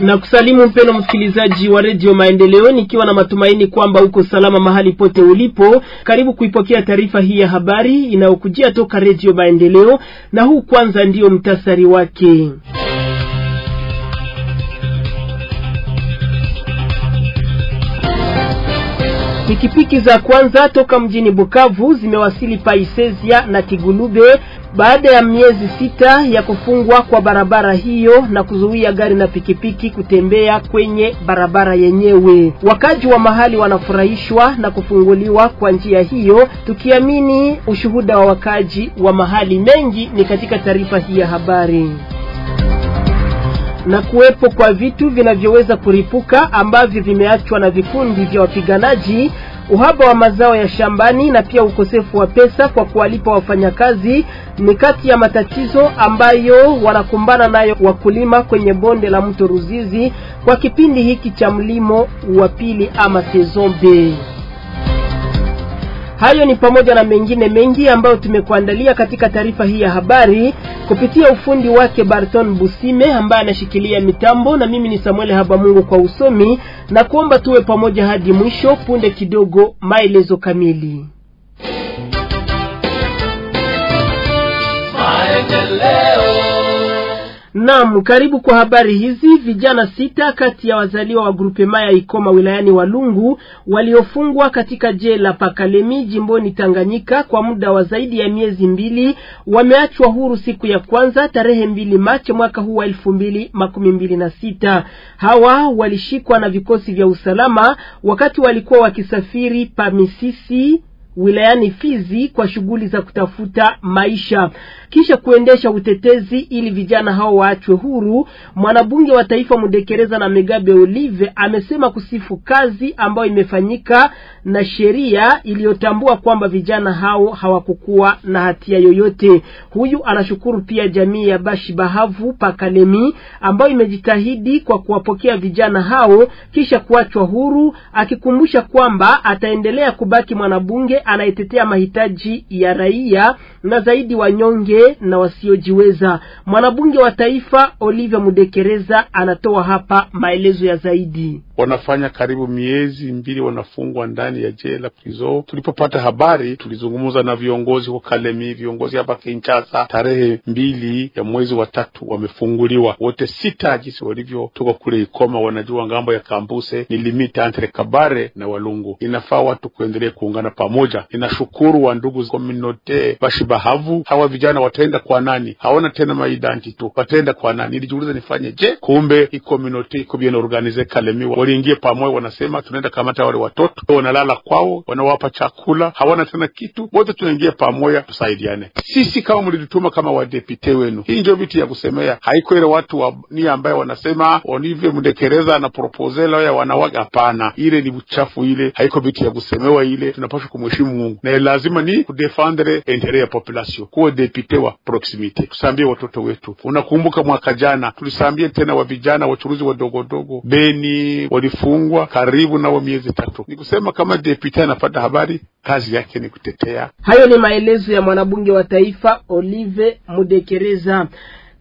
na kusalimu mpeno msikilizaji wa redio Maendeleo, nikiwa na matumaini kwamba uko salama mahali pote ulipo. Karibu kuipokea taarifa hii ya habari inayokujia toka redio Maendeleo, na huu kwanza ndiyo mtasari wake. Pikipiki za kwanza toka mjini Bukavu zimewasili Paisezia na kigulube baada ya miezi sita ya kufungwa kwa barabara hiyo na kuzuia gari na pikipiki kutembea kwenye barabara yenyewe, wakaji wa mahali wanafurahishwa na kufunguliwa kwa njia hiyo, tukiamini ushuhuda wa wakaji wa mahali. Mengi ni katika taarifa hii ya habari na kuwepo kwa vitu vinavyoweza kuripuka ambavyo vimeachwa na vikundi vya wapiganaji uhaba wa mazao ya shambani na pia ukosefu wa pesa kwa kuwalipa wafanyakazi ni kati ya matatizo ambayo wanakumbana nayo wakulima kwenye bonde la mto Ruzizi kwa kipindi hiki cha mlimo wa pili ama sezon B. Hayo ni pamoja na mengine mengi ambayo tumekuandalia katika taarifa hii ya habari kupitia ufundi wake Barton Busime ambaye anashikilia mitambo, na mimi ni Samuel Habamungu kwa usomi na kuomba tuwe pamoja hadi mwisho. Punde kidogo maelezo kamili. Naam, karibu kwa habari hizi. Vijana sita kati ya wazaliwa wa grupe maya Ikoma wilayani Walungu waliofungwa katika jela Pakalemi jimboni Tanganyika kwa muda wa zaidi ya miezi mbili wameachwa huru siku ya kwanza tarehe mbili Machi mwaka huu wa elfu mbili makumi mbili na sita. Hawa walishikwa na vikosi vya usalama wakati walikuwa wakisafiri Pamisisi wilayani Fizi kwa shughuli za kutafuta maisha kisha kuendesha utetezi ili vijana hao waachwe huru. Mwanabunge wa taifa Mudekereza na Megabe Olive amesema kusifu kazi ambayo imefanyika na sheria iliyotambua kwamba vijana hao hawakukuwa na hatia yoyote. Huyu anashukuru pia jamii ya Bashi Bahavu Pakalemi ambayo imejitahidi kwa kuwapokea vijana hao kisha kuachwa huru, akikumbusha kwamba ataendelea kubaki mwanabunge anayetetea mahitaji ya raia na zaidi wanyonge na wasiojiweza. Mwanabunge wa taifa Olivia Mudekereza anatoa hapa maelezo ya zaidi. Wanafanya karibu miezi mbili wanafungwa ndani ya jela prizo. Tulipopata habari, tulizungumza na viongozi wa Kalemi, viongozi hapa Kinshasa. Tarehe mbili ya mwezi wa tatu wamefunguliwa wote sita, jinsi walivyotoka kule Ikoma. Wanajua ngambo ya Kambuse ni limita entre Kabare na Walungu. Inafaa watu kuendelea kuungana pamoja. Inashukuru wa ndugu communaute bashi bahavu. Hawa vijana wataenda kwa nani? Hawana tena maidanti tu, wataenda kwa nani? Nilijiuliza nifanye je? Kumbe hii community iko bien organize Kalemi waliingia pamoja, wanasema tunaenda kamata wale watoto, wanalala kwao, wanawapa chakula, hawana tena kitu. Wote tunaingia pamoja, tusaidiane sisi kama mlitutuma kama wadepite wenu. Hii ndio vitu ya kusemea, haiko ile watu wa ni ambaye wanasema Olivier Mdekereza na proposela ya wanawake. Hapana, ile ni uchafu, ile haiko vitu ya kusemewa, ile tunapaswa kumheshimu Mungu na lazima ni kudefendre interest ya population, kuwa depute wa proximity, kusambie watoto wetu. Unakumbuka mwaka jana tulisambie tena wa vijana wachuruzi wadogodogo Beni walifungwa karibu nao miezi tatu. Ni kusema kama depute anapata habari, kazi yake ni kutetea. Hayo ni maelezo ya mwanabunge wa taifa Olive Mudekereza.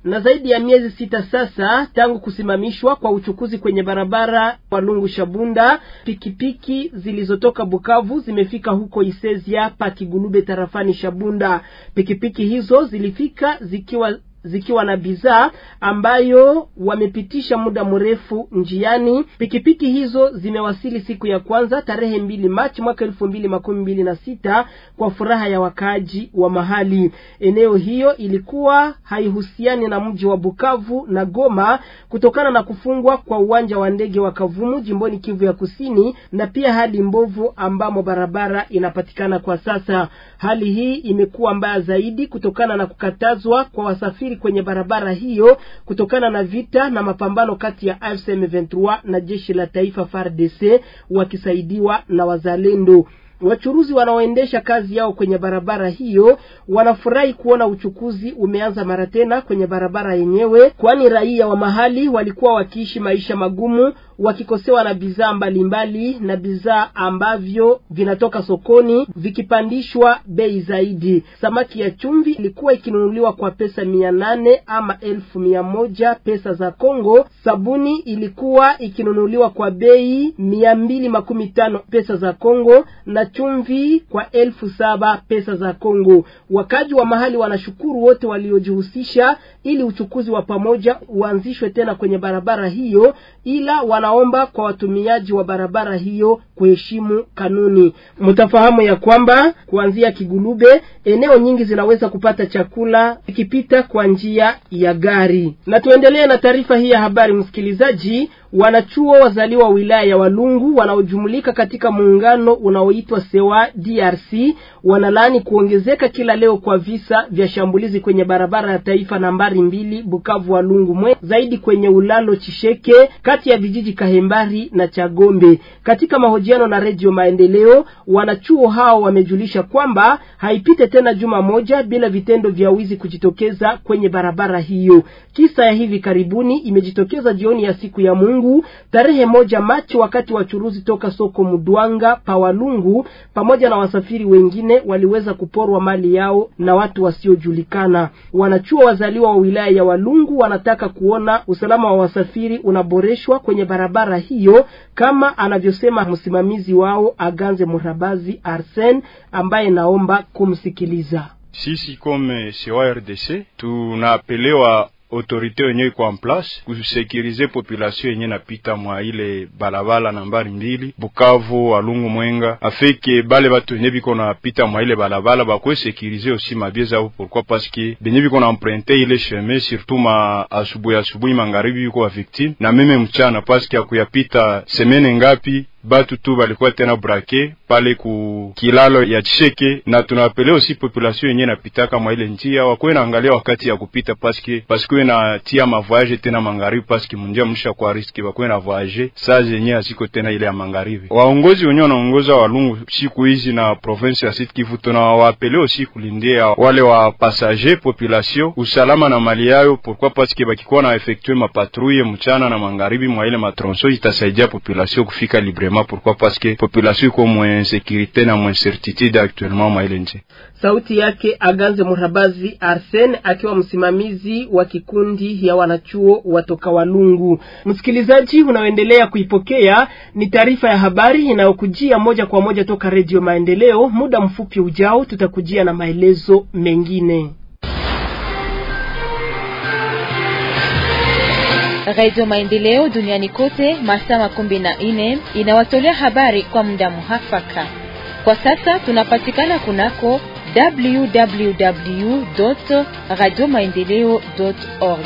Na zaidi ya miezi sita sasa tangu kusimamishwa kwa uchukuzi kwenye barabara lungu Shabunda, pikipiki zilizotoka Bukavu zimefika huko Isezia pa Kigulube tarafani Shabunda. Pikipiki hizo zilifika zikiwa zikiwa na bidhaa ambayo wamepitisha muda mrefu njiani. Pikipiki hizo zimewasili siku ya kwanza tarehe mbili Machi mwaka elfu mbili makumi mbili na sita kwa furaha ya wakaaji wa mahali. Eneo hiyo ilikuwa haihusiani na mji wa Bukavu na Goma kutokana na kufungwa kwa uwanja wa ndege wa Kavumu jimboni Kivu ya Kusini, na pia hali mbovu ambamo barabara inapatikana kwa sasa. Hali hii imekuwa mbaya zaidi kutokana na kukatazwa kwa wasafiri kusafiri kwenye barabara hiyo kutokana na vita na mapambano kati ya AFC M23 na jeshi la taifa FARDC wakisaidiwa na wazalendo. Wachuruzi wanaoendesha kazi yao kwenye barabara hiyo wanafurahi kuona uchukuzi umeanza mara tena kwenye barabara yenyewe, kwani raia wa mahali walikuwa wakiishi maisha magumu wakikosewa na bidhaa mbalimbali na bidhaa ambavyo vinatoka sokoni vikipandishwa bei zaidi. Samaki ya chumvi ilikuwa ikinunuliwa kwa pesa mia nane ama elfu mia moja pesa za Kongo. Sabuni ilikuwa ikinunuliwa kwa bei mia mbili makumi tano pesa za Kongo na chumvi kwa elfu saba pesa za Kongo. Wakaji wa mahali wanashukuru wote waliojihusisha ili uchukuzi wa pamoja uanzishwe tena kwenye barabara hiyo, ila wanaomba kwa watumiaji wa barabara hiyo kuheshimu kanuni. Mtafahamu ya kwamba kuanzia Kigulube eneo nyingi zinaweza kupata chakula ikipita kwa njia ya gari. Na tuendelee na taarifa hii ya habari, msikilizaji. Wanachuo wazaliwa wilaya ya Walungu wanaojumulika katika muungano unaoitwa Sewa DRC wanalaani kuongezeka kila leo kwa visa vya shambulizi kwenye barabara ya taifa nambari mbili Bukavu Walungu mwe zaidi kwenye ulalo Chisheke kati ya vijiji Kahembari na Chagombe. Katika mahojiano na Redio Maendeleo, wanachuo hao wamejulisha kwamba haipite tena juma moja bila vitendo vya wizi kujitokeza kwenye barabara hiyo. Kisa ya hivi karibuni imejitokeza jioni ya siku ya Mungu Walungu tarehe moja Machi, wakati wachuruzi toka soko Mudwanga pa Walungu pamoja na wasafiri wengine waliweza kuporwa mali yao na watu wasiojulikana. Wanachuo wazaliwa wa wilaya ya Walungu wanataka kuona usalama wa wasafiri unaboreshwa kwenye barabara hiyo, kama anavyosema msimamizi wao Aganze Murabazi Arsen, ambaye naomba kumsikiliza. Sisi kome CRDC tunapelewa autorite yenye iko en place kusekirize population yenye napita mwa ile balabala nambari mbili Bukavu alungu Mwenga, afike bale batu yenye biko napita mwa ile balabala bakwe sekirize osi mabie zao. Pourquoi? Parce que benye biko na emprunte ile chemin surtout ma asubuhi asubuhi magharibi, biko ba victime na meme mchana, parce que akuyapita semene ngapi batu tu balikuwa tena brake pale ku kilalo ya Chisheke, na tunapelea osi population yenye napitaka mwa ile njia wakuwe naangalia wakati ya kupita, paske pasikuwe na tia mavoyage tena mangaribi, paske munjia msha kwa riski wakuwe na voyage saa zenye asiko tena ile ya mangaribi. Waongozi wenyewe wanaongoza walungu siku hizi na province ya Sud Kivu, tunawapelea osi kulindia wale wa passager population usalama na mali yayo, pourquoi paske bakikuwa na effectue mapatrouille mchana na mangaribi mwa ile matronso itasaidia population kufika libre vraiment. Pourquoi? Parce que population iko moins insécurité na mwe incertitude actuellement mwa ile Sauti yake Aganze Murabazi Arsen akiwa msimamizi wa kikundi ya wanachuo watoka Walungu. Msikilizaji, unaoendelea kuipokea ni taarifa ya habari inayokujia moja kwa moja toka Redio Maendeleo. Muda mfupi ujao tutakujia na maelezo mengine. Radio Maendeleo duniani kote masaa makumi na nne inawatolea habari kwa muda muhafaka. Kwa sasa tunapatikana kunako www radio maendeleo org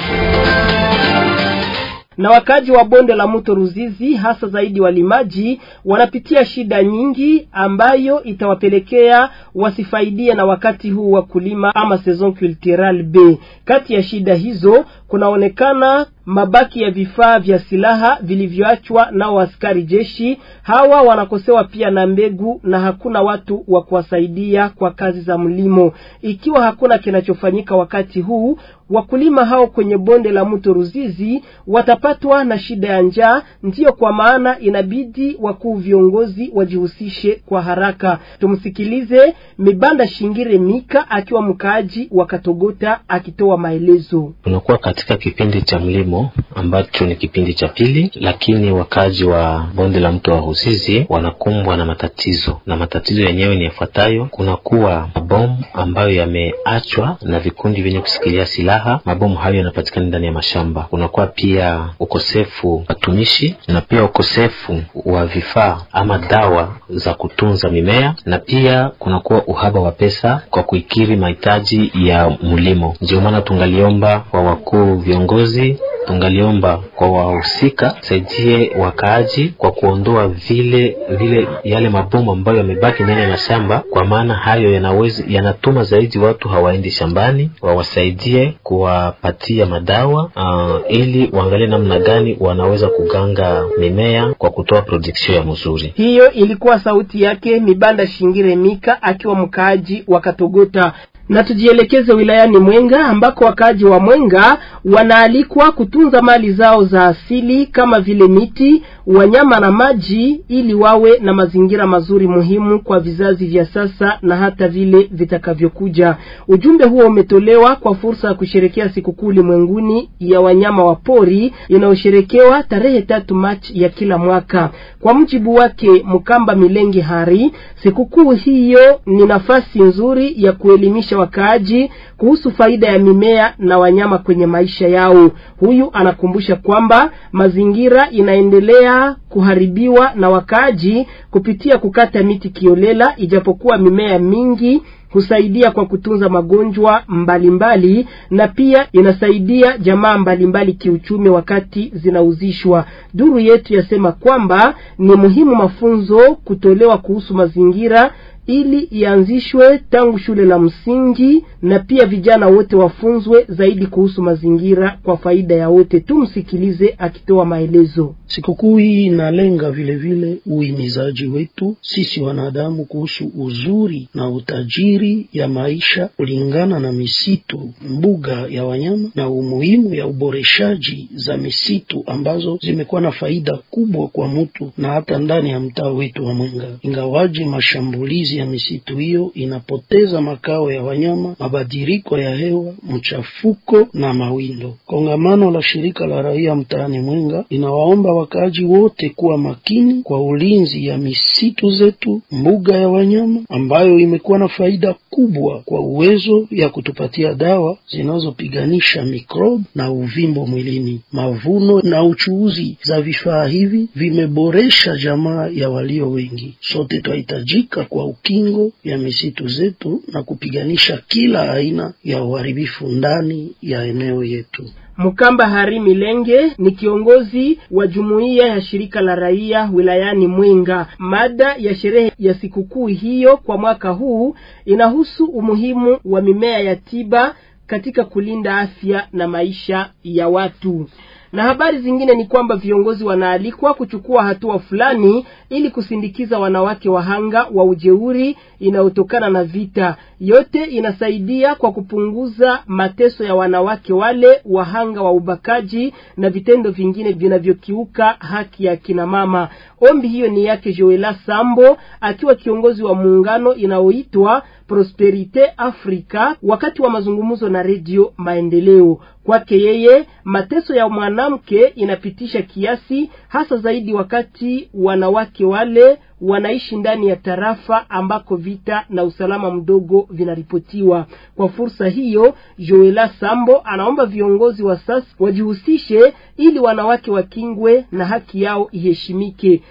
na wakaji wa bonde la mto Ruzizi hasa zaidi walimaji wanapitia shida nyingi ambayo itawapelekea wasifaidia na wakati huu wa kulima ama saison culturale B. Kati ya shida hizo kunaonekana mabaki ya vifaa vya silaha vilivyoachwa nao askari jeshi hawa wanakosewa pia na mbegu, na hakuna watu wa kuwasaidia kwa kazi za mlimo. Ikiwa hakuna kinachofanyika wakati huu, wakulima hao kwenye bonde la mto Ruzizi watapatwa na shida ya njaa. Ndiyo kwa maana inabidi wakuu viongozi wajihusishe kwa haraka. Tumsikilize Mibanda Shingire Mika akiwa mkaaji wa Katogota akitoa maelezo. Tunakuwa katika kipindi cha mlimo kilimo ambacho ni kipindi cha pili, lakini wakazi wa bonde la mto wa Ruzizi wanakumbwa na matatizo, na matatizo yenyewe ni yafuatayo: kunakuwa mabomu ambayo yameachwa na vikundi vyenye kusikilia silaha. Mabomu hayo yanapatikana ndani ya mashamba. Kunakuwa pia ukosefu watumishi na pia ukosefu wa vifaa ama dawa za kutunza mimea, na pia kunakuwa uhaba wa pesa kwa kuikiri mahitaji ya mlimo. Ndio maana tungaliomba kwa wakuu viongozi tungaliomba kwa wahusika saidie wakaaji kwa kuondoa vile vile yale mabomu ambayo yamebaki ndani ya mashamba, kwa maana hayo yanawezi yanatuma zaidi watu hawaendi shambani. Wawasaidie kuwapatia madawa uh, ili waangalie namna gani wanaweza kuganga mimea kwa kutoa production ya mzuri. Hiyo ilikuwa sauti yake Mibanda Shingire Mika akiwa mkaaji wa Katogota na tujielekeze wilayani Mwenga ambako wakaaji wa Mwenga wanaalikwa kutunza mali zao za asili kama vile miti, wanyama na maji, ili wawe na mazingira mazuri muhimu kwa vizazi vya sasa na hata vile vitakavyokuja. Ujumbe huo umetolewa kwa fursa ya kusherekea sikukuu ulimwenguni ya wanyama wa pori inayosherekewa tarehe tatu Machi ya kila mwaka. Kwa mjibu wake Mkamba Milenge Hari, sikukuu hiyo ni nafasi nzuri ya kuelimisha kuwaelimisha wakaaji kuhusu faida ya mimea na wanyama kwenye maisha yao. Huyu anakumbusha kwamba mazingira inaendelea kuharibiwa na wakaaji kupitia kukata miti kiolela, ijapokuwa mimea mingi husaidia kwa kutunza magonjwa mbalimbali mbali, na pia inasaidia jamaa mbalimbali mbali kiuchumi wakati zinauzishwa. Duru yetu yasema kwamba ni muhimu mafunzo kutolewa kuhusu mazingira ili ianzishwe tangu shule la msingi, na pia vijana wote wafunzwe zaidi kuhusu mazingira kwa faida ya wote. Tumsikilize akitoa maelezo. Sikukuu hii inalenga vilevile uhimizaji wetu sisi wanadamu kuhusu uzuri na utajiri ya maisha kulingana na misitu, mbuga ya wanyama na umuhimu ya uboreshaji za misitu ambazo zimekuwa na faida kubwa kwa mtu na hata ndani ya mtaa wetu wa Mwenga, ingawaji mashambulizi matumizi ya misitu hiyo inapoteza makao ya wanyama, mabadiliko ya hewa, mchafuko na mawindo. Kongamano la shirika la raia mtaani Mwenga inawaomba wakaaji wote kuwa makini kwa ulinzi ya misitu zetu, mbuga ya wanyama ambayo imekuwa na faida kubwa kwa uwezo ya kutupatia dawa zinazopiganisha mikrobe na uvimbo mwilini. Mavuno na uchuuzi za vifaa hivi vimeboresha jamaa ya walio wengi. Sote twahitajika kwa kingo ya misitu zetu na kupiganisha kila aina ya uharibifu ndani ya eneo yetu. Mkamba Hari Milenge ni kiongozi wa jumuiya ya shirika la raia wilayani mwinga Mada ya sherehe ya sikukuu hiyo kwa mwaka huu inahusu umuhimu wa mimea ya tiba katika kulinda afya na maisha ya watu. Na habari zingine ni kwamba viongozi wanaalikwa kuchukua hatua fulani ili kusindikiza wanawake wahanga wa ujeuri inayotokana na vita. Yote inasaidia kwa kupunguza mateso ya wanawake wale wahanga wa ubakaji na vitendo vingine vinavyokiuka haki ya kina mama. Ombi hiyo ni yake Joela Sambo akiwa kiongozi wa muungano inayoitwa Prosperite Africa wakati wa mazungumzo na Redio Maendeleo. Kwake yeye, mateso ya mwanamke inapitisha kiasi, hasa zaidi wakati wanawake wale wanaishi ndani ya tarafa ambako vita na usalama mdogo vinaripotiwa. Kwa fursa hiyo, Joela Sambo anaomba viongozi wa sasa wajihusishe ili wanawake wakingwe na haki yao iheshimike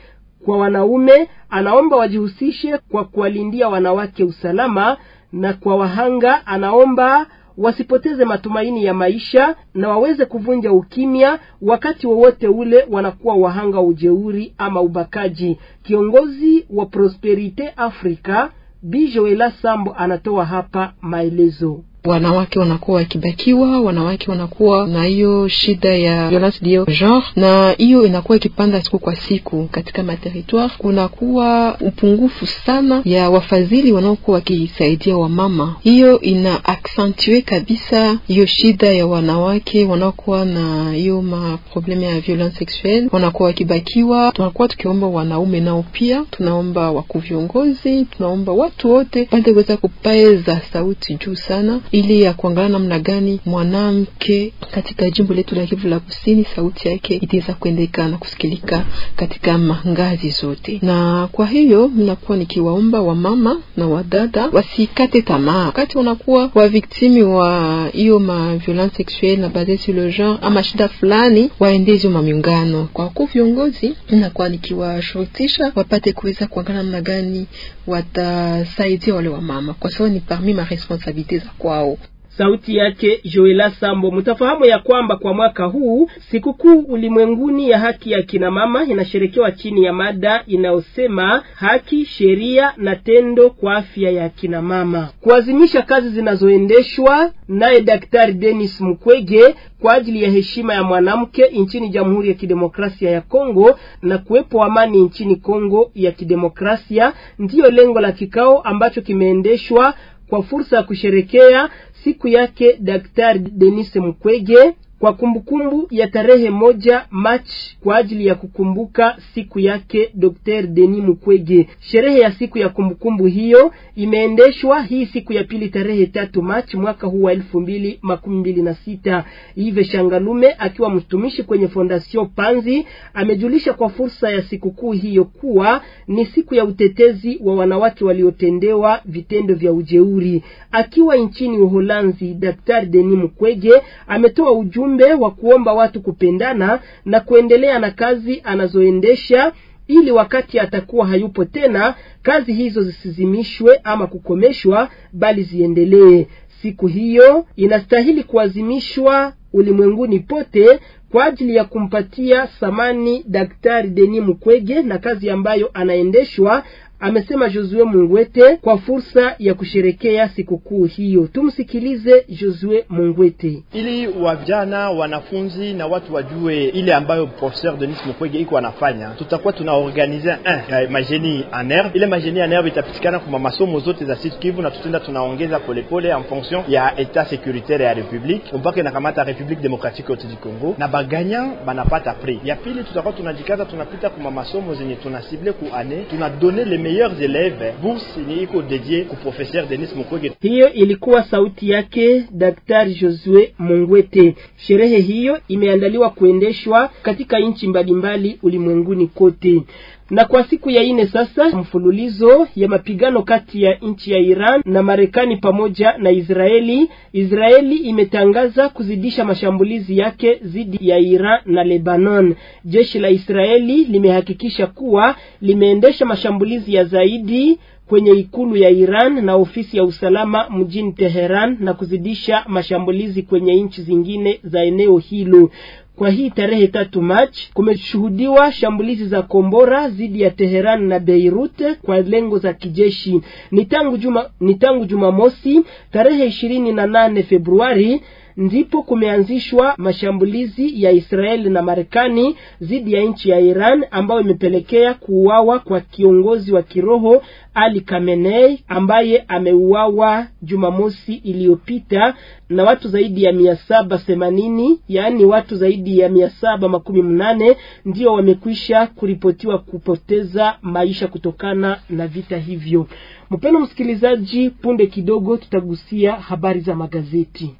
kwa wanaume, anaomba wajihusishe kwa kuwalindia wanawake usalama, na kwa wahanga anaomba wasipoteze matumaini ya maisha na waweze kuvunja ukimya wakati wowote ule wanakuwa wahanga wa ujeuri ama ubakaji. Kiongozi wa Prosperite Africa bijoela Sambo anatoa hapa maelezo wanawake wanakuwa wakibakiwa, wanawake wanakuwa na hiyo shida ya violence dio genre, na hiyo inakuwa ikipanda siku kwa siku katika materitoire. Kunakuwa upungufu sana ya wafadhili wanaokuwa wakisaidia wamama, hiyo ina accentue kabisa hiyo shida ya wanawake wanaokuwa na hiyo maprobleme ya violence sexuelle, wanakuwa wakibakiwa. Tunakuwa tukiomba wanaume nao pia, tunaomba wakuviongozi, tunaomba watu wote waweze kuweza kupaeza sauti juu sana ili ya kuangalia namna gani mwanamke katika jimbo letu la Kivu la Kusini sauti yake itaweza kuendeka na kusikilika katika mangazi zote. Na kwa hiyo mnakuwa nikiwaomba wamama na wadada wasikate tamaa wakati unakuwa viktimi wa hiyo ma violence sexuelle na base sur le genre ama shida fulani, waendezi mamiungano kwa kuu viongozi, nakuwa nikiwashurutisha wapate kuweza kuangalia namna gani watasaidia wale wamama, kwa sababu ni parmi ma responsabilite za kwao wao. Sauti yake Joela Sambo. Mtafahamu ya kwamba kwa mwaka huu sikukuu ulimwenguni ya haki ya kina mama inasherekewa chini ya mada inayosema haki, sheria na tendo kwa afya ya kina mama, kuazimisha kazi zinazoendeshwa naye Daktari Denis Mukwege kwa ajili ya heshima ya mwanamke nchini Jamhuri ya Kidemokrasia ya Kongo na kuwepo amani nchini Kongo ya Kidemokrasia, ndiyo lengo la kikao ambacho kimeendeshwa kwa fursa ya kusherekea siku yake Daktari Denis Mukwege kwa kumbukumbu ya tarehe moja Machi kwa ajili ya kukumbuka siku yake Dr. Denis Mukwege. Sherehe ya siku ya kumbukumbu hiyo imeendeshwa hii siku ya pili tarehe tatu Machi mwaka huu wa elfu mbili makumi mbili na sita. Ive Shangalume akiwa mtumishi kwenye Fondation Panzi amejulisha kwa fursa ya sikukuu hiyo kuwa ni siku ya utetezi wa wanawake waliotendewa vitendo vya ujeuri. Akiwa nchini Uholanzi, Dr. Denis Mukwege ametoa ujumbe ujumbe wa kuomba watu kupendana na kuendelea na kazi anazoendesha ili wakati atakuwa hayupo tena, kazi hizo zisizimishwe ama kukomeshwa, bali ziendelee. Siku hiyo inastahili kuazimishwa ulimwenguni pote kwa ajili ya kumpatia thamani Daktari Denis Mukwege na kazi ambayo anaendeshwa amesema Josue Mungwete kwa fursa ya kusherekea sikukuu hiyo. Tumsikilize Josue Mungwete. Ili wavijana, wanafunzi na watu wajue ile ambayo professeur Denis Mukwege iko anafanya, tutakuwa tunaorganize eh, majeni anerve. Ile majeni anerve itapitikana kwa masomo zote za Sud Kivu na tutenda tunaongeza polepole en fonction ya etat securitaire ya republique mpaka kamata Republique democratique yote du Congo na baganya banapata prix ya pili. Tutakuwa tunajikaza tunapita kwa masomo zenye tunasible ku ane tunadone le meilleurs élèves, bourse ni iko dédié ku professeur Denis Mukwege. Hiyo ilikuwa sauti yake Dr. Josue Mungwete. Sherehe hiyo imeandaliwa kuendeshwa katika nchi mbalimbali ulimwenguni kote. Na kwa siku ya ine sasa mfululizo ya mapigano kati ya nchi ya Iran na Marekani pamoja na Israeli, Israeli imetangaza kuzidisha mashambulizi yake dhidi ya Iran na Lebanon. Jeshi la Israeli limehakikisha kuwa limeendesha mashambulizi ya zaidi kwenye ikulu ya Iran na ofisi ya usalama mjini Teheran na kuzidisha mashambulizi kwenye nchi zingine za eneo hilo. Kwa hii tarehe tatu Machi kumeshuhudiwa shambulizi za kombora dhidi ya Teheran na Beirut kwa lengo za kijeshi. Ni tangu juma ni tangu Jumamosi tarehe ishirini na nane Februari ndipo kumeanzishwa mashambulizi ya Israeli na Marekani dhidi ya nchi ya Iran ambayo imepelekea kuuawa kwa kiongozi wa kiroho Ali Khamenei ambaye ameuawa Jumamosi iliyopita na watu zaidi ya mia saba themanini yaani watu zaidi ya mia saba makumi mnane ndio wamekwisha kuripotiwa kupoteza maisha kutokana na vita hivyo. Mpendo msikilizaji, punde kidogo tutagusia habari za magazeti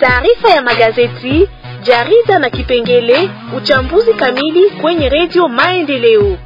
taarifa ya magazeti, jarida na kipengele uchambuzi kamili kwenye Redio Maendeleo.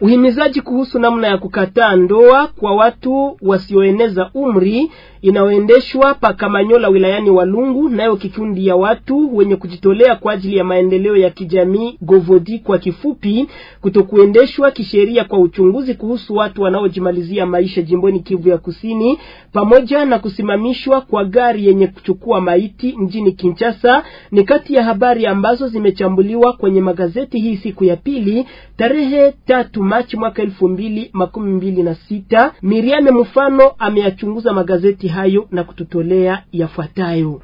Uhimizaji kuhusu namna ya kukataa ndoa kwa watu wasioeneza umri inaoendeshwa pa Kamanyola wilayani Walungu, nayo kikundi ya watu wenye kujitolea kwa ajili ya maendeleo ya kijamii Govodi kwa kifupi, kutokuendeshwa kisheria kwa uchunguzi kuhusu watu wanaojimalizia maisha jimboni Kivu ya Kusini, pamoja na kusimamishwa kwa gari yenye kuchukua maiti mjini Kinshasa ni kati ya habari ambazo zimechambuliwa kwenye magazeti hii siku ya pili tarehe tatu Machi mwaka elfu mbili makumi mbili na sita. Miriame Mfano ameyachunguza magazeti hayo na kututolea yafuatayo.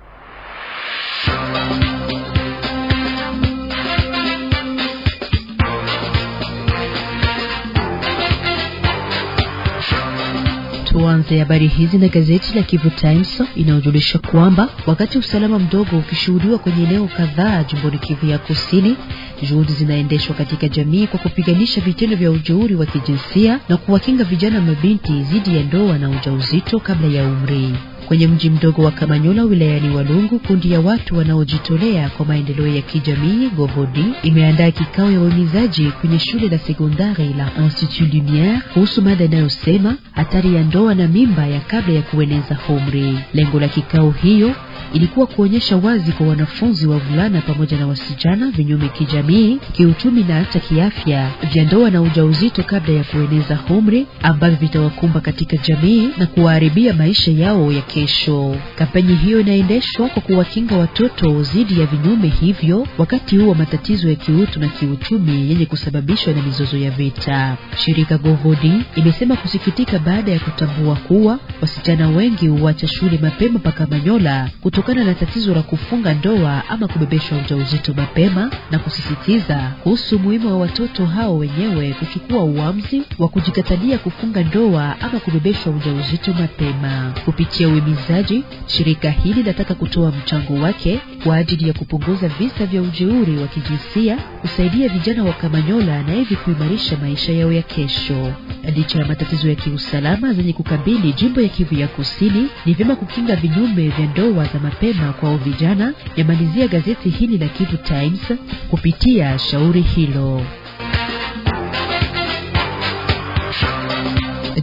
Tuanze habari hizi na gazeti la Kivu Times inayojulisha kwamba wakati usalama mdogo ukishuhudiwa kwenye eneo kadhaa jimboni Kivu ya Kusini, Juhudi zinaendeshwa katika jamii kwa kupiganisha vitendo vya ujeuri wa kijinsia na kuwakinga vijana mabinti dhidi ya ndoa na ujauzito kabla ya umri. Kwenye mji mdogo wa Kamanyola wilayani Walungu, kundi ya watu wanaojitolea kwa maendeleo ya kijamii Govodi imeandaa kikao ya wahimizaji kwenye shule la sekondari la Institut Lumiere kuhusu mada inayosema hatari ya ndoa na mimba ya kabla ya kueneza umri. Lengo la kikao hiyo ilikuwa kuonyesha wazi kwa wanafunzi wa vulana pamoja na wasichana vinyume kijamii, kiuchumi na hata kiafya vya ndoa na ujauzito kabla ya kueneza umri ambavyo vitawakumba katika jamii na kuwaharibia maisha yao ya kesho. Kampeni hiyo inaendeshwa kwa kuwakinga watoto dhidi ya vinyume hivyo wakati huwa wa matatizo ya kiutu na kiuchumi yenye kusababishwa na mizozo ya vita. Shirika govodi imesema kusikitika baada ya kutambua kuwa wasichana wengi huacha shule mapema mpaka Manyola kutokana na tatizo la kufunga ndoa ama kubebesha ujauzito mapema na kusisitiza kuhusu umuhimu wa watoto hao wenyewe kuchukua uamuzi wa kujikatalia kufunga ndoa ama kubebesha ujauzito mapema. Kupitia uhimizaji, shirika hili linataka kutoa mchango wake kwa ajili ya kupunguza visa vya ujeuri wa kijinsia, kusaidia vijana wa Kamanyola na hivi kuimarisha maisha yao ya kesho. Licha ya matatizo ya kiusalama zenye kukabili jimbo ya Kivu ya Kusini, ni vyema kukinga vinyume vya ndoa za mapema kwao vijana, yamalizia gazeti hili la Kivu Times kupitia shauri hilo.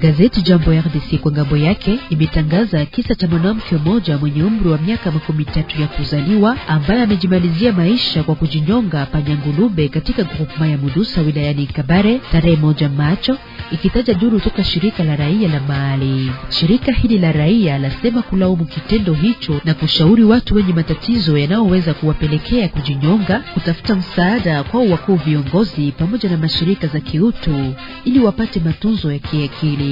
Gazeti Jambo ya RDC kwa ngambo yake imetangaza kisa cha mwanamke mmoja mwenye umri wa miaka makumi tatu ya kuzaliwa ambaye amejimalizia maisha kwa kujinyonga Panyangulube katika grupma ya Mudusa wilayani Kabare tarehe moja Macho, ikitaja duru toka shirika la raia la maali Shirika hili la raia lasema kulaumu kitendo hicho na kushauri watu wenye matatizo yanayoweza kuwapelekea kujinyonga kutafuta msaada kwa wakuu viongozi pamoja na mashirika za kiutu ili wapate matunzo ya kiakili.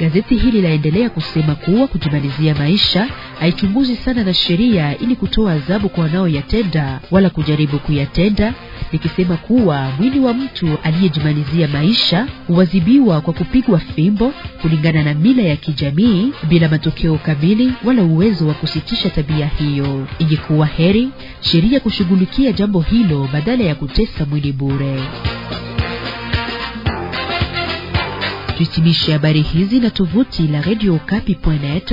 Gazeti hili laendelea kusema kuwa kujimalizia maisha haichunguzi sana na sheria ili kutoa adhabu kwa wanaoyatenda wala kujaribu kuyatenda, likisema kuwa mwili wa mtu aliyejimalizia maisha huwazibiwa kwa kupigwa fimbo kulingana na mila ya kijamii bila matokeo kamili wala uwezo wa kusitisha tabia hiyo. Ingekuwa heri sheria kushughulikia jambo hilo badala ya kutesa mwili bure. Tuhitimishe habari hizi na tovuti la Radio Okapi.net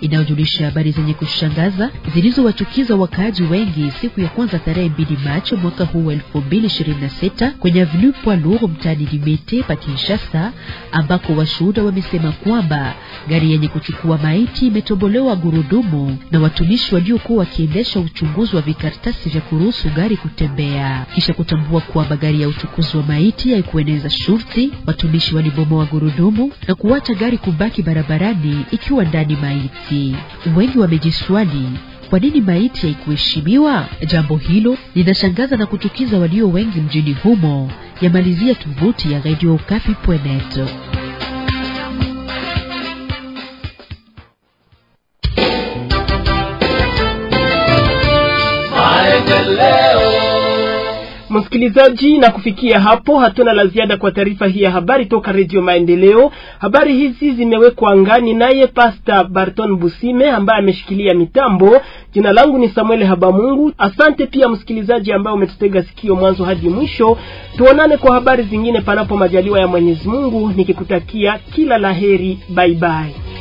inayojulisha habari zenye kushangaza zilizowachukiza wakaaji wengi siku ya kwanza tarehe mbili Machi mwaka huu wa elfu mbili ishirini na sita kwenye Avenue Poids Lourds mtaani Limete pa Kinshasa, ambako washuhuda wamesema kwamba gari yenye kuchukua maiti imetobolewa gurudumu na watumishi waliokuwa wakiendesha uchunguzi wa vikaratasi vya kuruhusu gari kutembea, kisha kutambua kwamba gari ya uchukuzi wa maiti haikueneza shurti, watumishi walibomoa gurudumu na kuacha gari kubaki barabarani ikiwa ndani maiti basi Wengi wamejiswali kwa nini maiti haikuheshimiwa? Jambo hilo linashangaza na kuchukiza walio wengi mjini humo, yamalizia tovuti ya Radio Okapi.net. Msikilizaji, na kufikia hapo hatuna la ziada kwa taarifa hii ya habari toka Redio Maendeleo. Habari hizi zimewekwa angani naye Pasta Barton Busime ambaye ameshikilia mitambo. Jina langu ni Samuel Habamungu. Asante pia msikilizaji ambaye umetutega sikio mwanzo hadi mwisho. Tuonane kwa habari zingine panapo majaliwa ya Mwenyezi Mungu, nikikutakia kila laheri. Baibai.